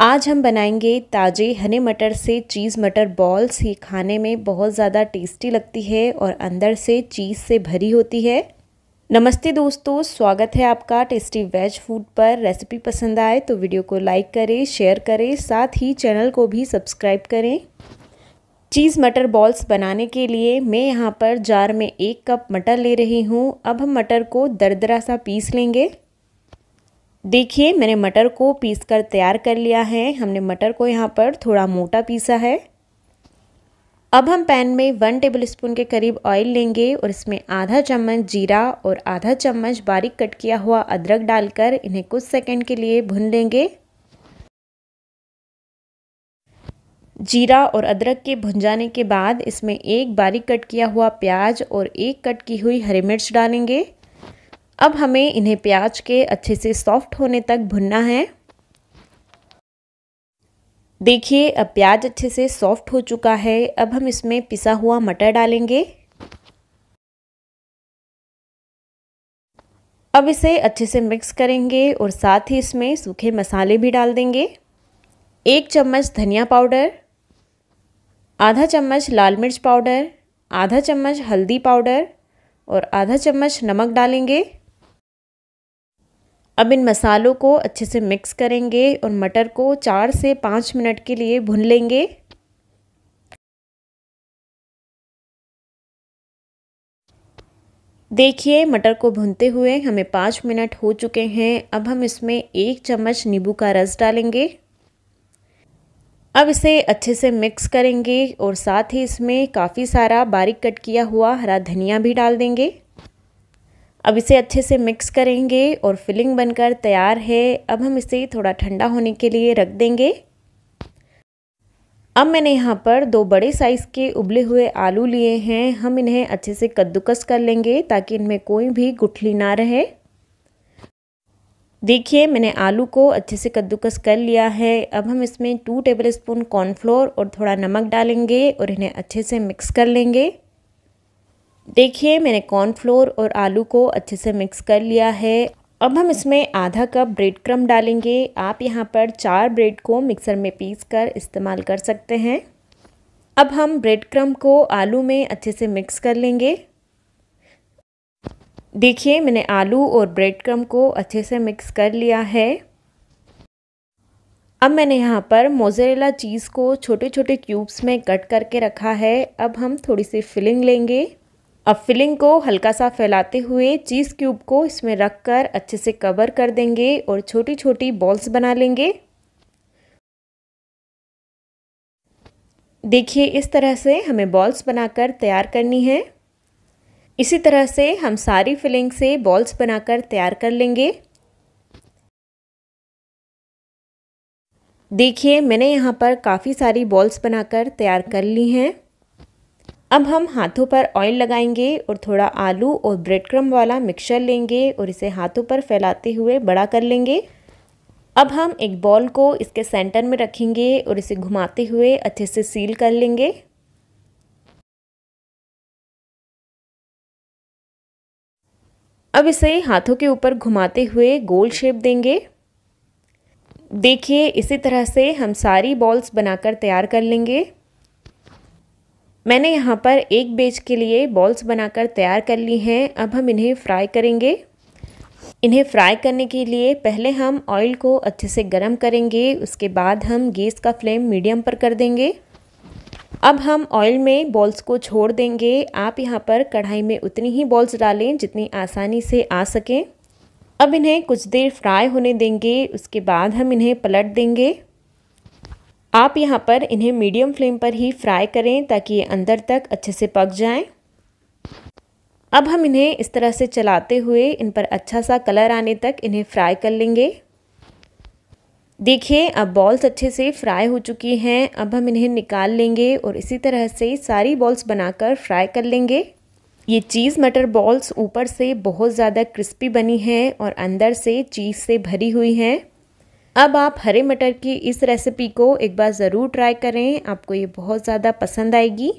आज हम बनाएंगे ताज़े हने मटर से चीज़ मटर बॉल्स ये खाने में बहुत ज़्यादा टेस्टी लगती है और अंदर से चीज़ से भरी होती है नमस्ते दोस्तों स्वागत है आपका टेस्टी वेज फूड पर रेसिपी पसंद आए तो वीडियो को लाइक करें शेयर करें साथ ही चैनल को भी सब्सक्राइब करें चीज़ मटर बॉल्स बनाने के लिए मैं यहाँ पर जार में एक कप मटर ले रही हूँ अब हम मटर को दरदरा सा पीस लेंगे देखिए मैंने मटर को पीस कर तैयार कर लिया है हमने मटर को यहाँ पर थोड़ा मोटा पीसा है अब हम पैन में वन टेबल स्पून के करीब ऑयल लेंगे और इसमें आधा चम्मच जीरा और आधा चम्मच बारीक कट किया हुआ अदरक डालकर इन्हें कुछ सेकंड के लिए भून लेंगे जीरा और अदरक के भुन जाने के बाद इसमें एक बारीक कट किया हुआ प्याज और एक कट की हुई हरी मिर्च डालेंगे अब हमें इन्हें प्याज के अच्छे से सॉफ्ट होने तक भुनना है देखिए अब प्याज अच्छे से सॉफ्ट हो चुका है अब हम इसमें पिसा हुआ मटर डालेंगे अब इसे अच्छे से मिक्स करेंगे और साथ ही इसमें सूखे मसाले भी डाल देंगे एक चम्मच धनिया पाउडर आधा चम्मच लाल मिर्च पाउडर आधा चम्मच हल्दी पाउडर और आधा चम्मच नमक डालेंगे अब इन मसालों को अच्छे से मिक्स करेंगे और मटर को चार से पाँच मिनट के लिए भून लेंगे देखिए मटर को भूनते हुए हमें पाँच मिनट हो चुके हैं अब हम इसमें एक चम्मच नींबू का रस डालेंगे अब इसे अच्छे से मिक्स करेंगे और साथ ही इसमें काफ़ी सारा बारीक कट किया हुआ हरा धनिया भी डाल देंगे अब इसे अच्छे से मिक्स करेंगे और फिलिंग बनकर तैयार है अब हम इसे थोड़ा ठंडा होने के लिए रख देंगे अब मैंने यहाँ पर दो बड़े साइज़ के उबले हुए आलू लिए हैं हम इन्हें अच्छे से कद्दूकस कर लेंगे ताकि इनमें कोई भी गुठली ना रहे देखिए मैंने आलू को अच्छे से कद्दूकस कर लिया है अब हम इसमें टू टेबल स्पून कॉर्नफ्लोर और थोड़ा नमक डालेंगे और इन्हें अच्छे से मिक्स कर लेंगे देखिए मैंने कॉर्नफ्लोर और आलू को अच्छे से मिक्स कर लिया है अब हम इसमें आधा कप ब्रेड क्रम डालेंगे आप यहाँ पर चार ब्रेड को मिक्सर में पीस कर इस्तेमाल कर सकते हैं अब हम ब्रेड क्रम को आलू में अच्छे से मिक्स कर लेंगे देखिए मैंने आलू और ब्रेड क्रम को अच्छे से मिक्स कर लिया है अब मैंने यहाँ पर मोज़रेला चीज़ को छोटे छोटे क्यूब्स में कट करके रखा है अब हम थोड़ी सी फिलिंग लेंगे अब फिलिंग को हल्का सा फैलाते हुए चीज़ क्यूब को इसमें रख कर अच्छे से कवर कर देंगे और छोटी छोटी बॉल्स बना लेंगे देखिए इस तरह से हमें बॉल्स बनाकर तैयार करनी है इसी तरह से हम सारी फिलिंग से बॉल्स बनाकर तैयार कर लेंगे देखिए मैंने यहाँ पर काफ़ी सारी बॉल्स बनाकर तैयार कर ली हैं अब हम हाथों पर ऑयल लगाएंगे और थोड़ा आलू और ब्रेड क्रम वाला मिक्सचर लेंगे और इसे हाथों पर फैलाते हुए बड़ा कर लेंगे अब हम एक बॉल को इसके सेंटर में रखेंगे और इसे घुमाते हुए अच्छे से सील कर लेंगे अब इसे हाथों के ऊपर घुमाते हुए गोल शेप देंगे देखिए इसी तरह से हम सारी बॉल्स बनाकर तैयार कर लेंगे मैंने यहाँ पर एक बेच के लिए बॉल्स बनाकर तैयार कर ली हैं अब हम इन्हें फ्राई करेंगे इन्हें फ्राई करने के लिए पहले हम ऑयल को अच्छे से गर्म करेंगे उसके बाद हम गैस का फ्लेम मीडियम पर कर देंगे अब हम ऑयल में बॉल्स को छोड़ देंगे आप यहाँ पर कढ़ाई में उतनी ही बॉल्स डालें जितनी आसानी से आ सकें अब इन्हें कुछ देर फ्राई होने देंगे उसके बाद हम इन्हें पलट देंगे आप यहाँ पर इन्हें मीडियम फ्लेम पर ही फ्राई करें ताकि ये अंदर तक अच्छे से पक जाएं। अब हम इन्हें इस तरह से चलाते हुए इन पर अच्छा सा कलर आने तक इन्हें फ्राई कर लेंगे देखिए अब बॉल्स अच्छे से फ्राई हो चुकी हैं अब हम इन्हें निकाल लेंगे और इसी तरह से सारी बॉल्स बनाकर फ्राई कर लेंगे ये चीज़ मटर बॉल्स ऊपर से बहुत ज़्यादा क्रिस्पी बनी हैं और अंदर से चीज़ से भरी हुई हैं अब आप हरे मटर की इस रेसिपी को एक बार ज़रूर ट्राई करें आपको ये बहुत ज़्यादा पसंद आएगी